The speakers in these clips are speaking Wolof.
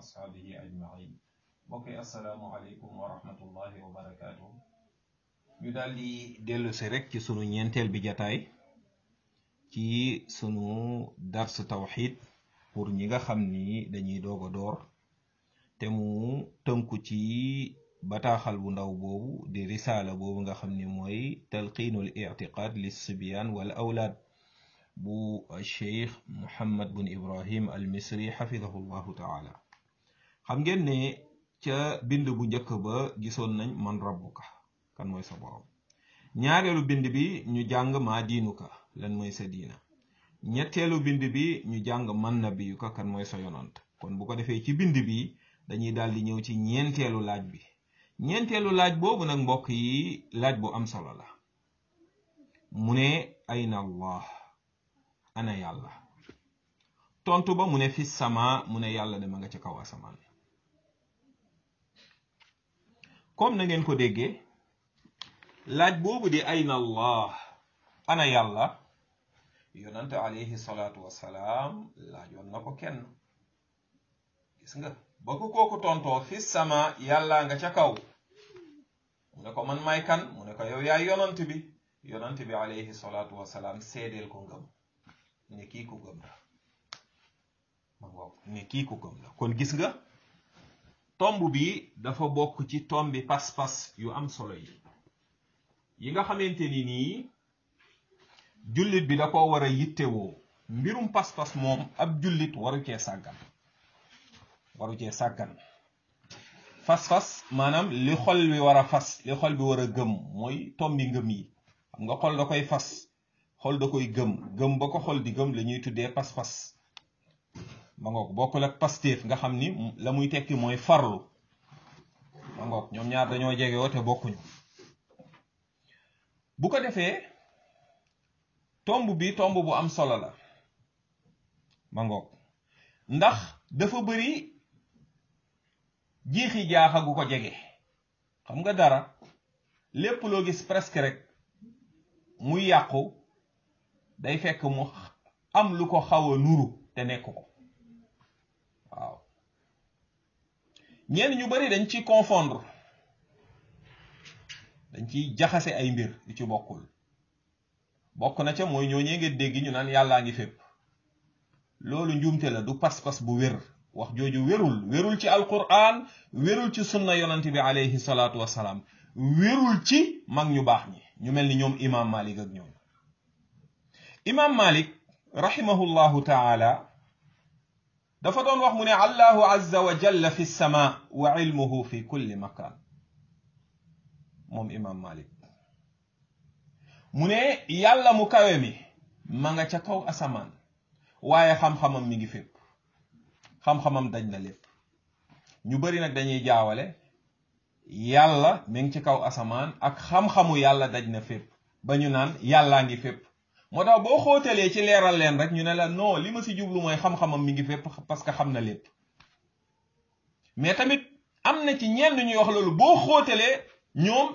ashaabihi ajmain mbokk yi wa rahmatullahi wa barakaatu. ñu daal dellusi rek ci sunu ñeenteel bi jataay ci sunu dars tawxid pour ñi nga xam ni dañuy doog a door te mu tënku ci bataaxal bu ndaw boobu di risaala boobu nga xam ni mooy talqiinul ictiqaad li sibyaan wal awlaad bu cheikh muhammad bun ibrahim al misri xafidahu taala xam ngeen ne ca bind bu njëkk ba gisoon nañ man rabbuka kan mooy sa borom ñaareelu bind bi ñu jàng maa diinuka lan mooy sa diina ñetteelu bind bi ñu jàng man nabiyuka kan mooy sa yonant kon bu ko defee ci bind bi dañuy daal di ñëw ci ñeenteelu laaj bi ñeenteelu laaj boobu nag mbokk yi laaj bu am solo la mu ne ayna allah ana yàlla tontu ba mu ne fi sama mu ne yàlla de ma nga ca kaw asamaan comme na ngeen ko déggee laaj boobu di ayna allah ana yàlla yonante alayhi salaatu wasalaam na ko kenn gis nga ba ko kooku tontoo fi sama yàlla nga ca kaw mu ne ko man may kan mu ne ko yow yaay yonant bi yonant bi alayhi salaatu wasalaam seedeel ko ngëm ne kii ko gëm ma ngoog ne ko kon gis nga tomb bi dafa bokk ci tombi pas-pas yu am solo yi yi nga xamante ni nii jullit bi da ko war a yittewoo mbirum pas-pas moom ab jullit waru cee sàggan waru cee sàggan fas-fas maanaam li xol bi war a fas li xol bi war a gëm mooy tombi ngëm yi xam nga xol da koy fas xol da koy gëm gëm ba ko xol di gëm la ñuy tuddee pas-pas ma ngoog bokkul ak Pastef nga xam ni la muy tekki mooy farlu ma ñoom ñaar dañoo jegewoo te bokkuñu bu ko defee tomb bi tomb bu am solo la ma ndax dafa bëri jiixi jaaxa gu ko jege xam nga dara lépp loo gis presque rek muy yàqu day fekk mu am lu ko xaw a nuru te nekk ko ñenn ñu bari dañ ci confondre dañ ciy jaxase ay mbir yu ci bokkul bokk na ca mooy ñooñee nga dégg ñu naan yàllaa ngi fépp loolu njuumte la du pas-pas bu wér wax jooju wérul wérul ci alquran wérul ci sunna yonent bi alayhi salaatu wasalaam wérul ci mag ñu baax ñi ñu mel ni ñoom imaam malik ak ñoom imaam malik rahimahullahu taala dafa doon wax mu ne allahu azza wa jalla fi sama wa ilmuhu fi kulli makan moom imam malik mu ne yàlla mu kawe mi ma nga ca kaw asamaan waaye xam-xamam mi ngi fépp xam-xamam daj na lépp ñu bari nag dañuy jaawale yàlla mi ngi ci kaw asamaan ak xam-xamu yàlla daj na fépp ba ñu naan yàllaa ngi fépp moo tax boo xóotalee ci leeral leen rek ñu ne la noo li ma si jublu mooy xam-xamam mi ngi fépp parce que xam na lépp mais tamit am na ci ñenn ñuy wax loolu boo xóotalee ñoom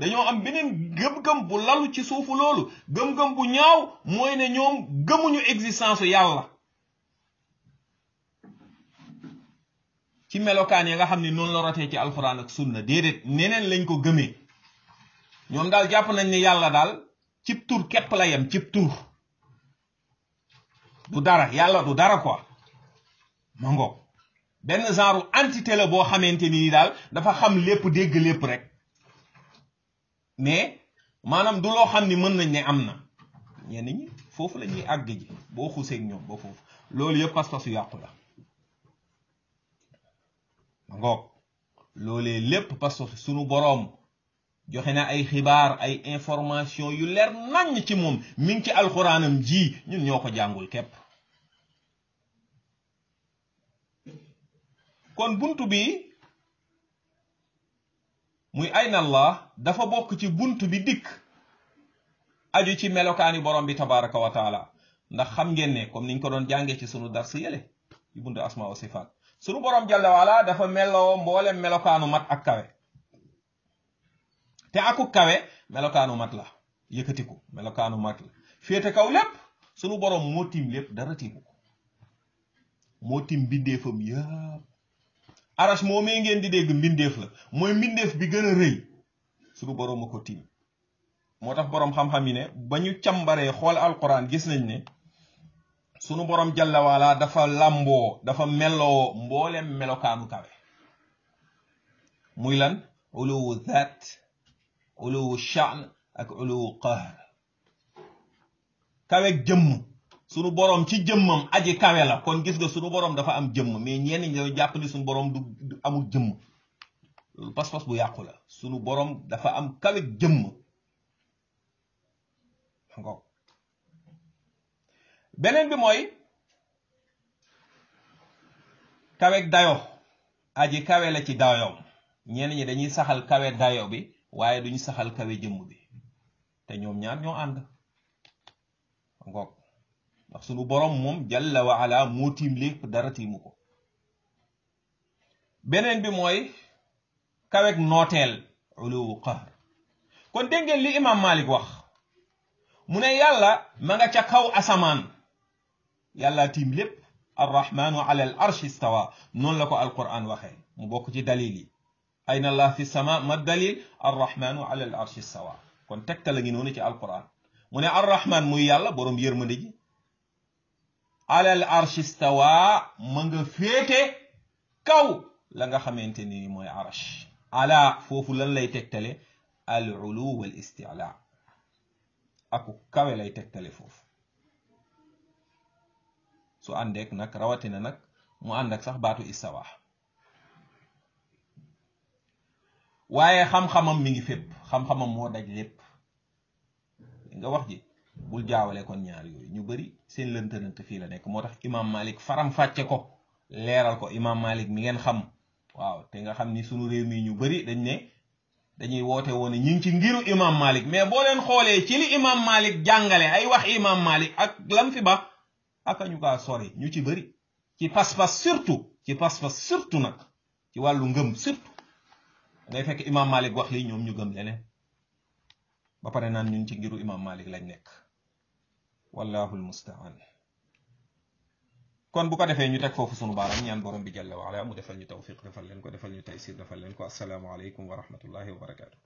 dañoo am beneen gëm-gëm bu lalu ci suufu loolu gëm-gëm bu ñaaw mooy ne ñoom gëmuñu existence yàlla ci melokaan yi nga xam ne noonu la rotee ci alxuraan ak sunna déedéet neneen lañ ko gëmee ñoom daal jàpp nañ ni yàlla daal cib tur képp la yem cib tur du dara yàlla du dara quoi ma benn genre entité la boo xamante ni daal dafa xam lépp dégg lépp rek mais maanaam du loo xam ni mën nañ ne am na ñenn ñi foofu la ñuy àgg ji boo xuseeg ñoom ba foofu loolu yëpp pas-pasu yàqu la ma loolee lépp pas-pasu sunu boroom. joxe na ay xibaar ay information yu leer naññ ci moom mi ngi ci alxuraanam ji ñun ñoo ko jàngul képp kon bunt bi muy ayna allah dafa bokk ci bunt bi dikk aju ci melokaani borom bi tabaraka wa ndax xam ngeen ne comme niñ ko doon jàngee ci sunu dars yële ci buntu asma wa sifaat sunu borom jalla waala dafa meloo mboole melokaanu mat ak kawe te aku kawe melokaanu mat la yëkkatiku melokaanu mat la féete kaw lépp sunu borom moo tiim lépp dara tiimu ko moo tiim mbindeefam yëpp arash moo mee ngeen di dégg mbindeef la mooy mbindeef bi gën a rëy sunu borom a tiim moo tax boroom xam-xam yi ne ba ñu càmbaree xool alquran gis nañ ne sunu boroom jalla dafa làmboo dafa meloo mboolem melokaanu kawe muy lan uluwu zaat uluwu sha'n ak uluwu qahr kawe jëmm ci jëmmam aji kawe la kon gis nga sunu borom dafa am jëmm mais ñenn ñi dañoo jàpp ni sunu du amul jëmm loolu pas bu yàqu la sunu borom dafa am kawe jëmm beneen bi mooy kawe dayo aji kawe la ci dayoom ñenn ñi dañuy saxal kawe dayo bi waaye duñu saxal kawe jëmm bi te ñoom ñaar ñoo ànd ngoog ndax sunu borom moom jalla wa moo tiim lépp dara tiimu ko beneen bi mooy kawek nooteel uluwu qahr kon dégg li imam malik wax mu ne yàlla ma nga ca kaw asamaan yàlla tiim lépp arrahmanu ala al arsh istawa noonu la ko alquran waxee mu bokk ci dalil yi ayna allah fi sama ma dalil arrahmanu ala al arshi sawa kon tegtal a ngi noonu ci alquran mu ne arrahman muy yàlla boroom yërmande ji ala ma nga la nga xamante ni mooy arsh ala foofu lan lay tegtale al ulu wal istila aku lay tegtale foofu su àndeek nag rawatina nag mu ànd sax baatu istawaa waaye xam-xamam mi ngi fépp xam-xamam moo daj lépp nga wax ji bul jaawale kon ñaar yooyu ñu bëri seen lëntënant fii la nekk moo tax imaam Malik faram fàcce ko leeral ko imaam Malik mi ngeen xam waaw te nga xam ni sunu réew mi ñu bëri dañ ne dañuy woote woon ñu ngi ci ngiru imaam Malik mais boo leen xoolee ci li imaam Malik jàngale ay wax imaam Malik ak lam fi ba ak ñu kaa sori ñu ci bëri ci pas-pas surtout ci pas-pas surtout nag ci wàllu ngëm surtout. day fekk imam malik wax lii ñoom ñu gëm leneen ba pare naan ñun ci ngiru imam malik lañ nekk wallahul mustaan kon bu ko defee ñu teg foofu sunu baaram ñaan borom bi jalla waala mu defal ñu tawfiq defal leen ko defal ñu taysir defal leen ko assalaamu aleykum wa rahmatullahi wa barakaatu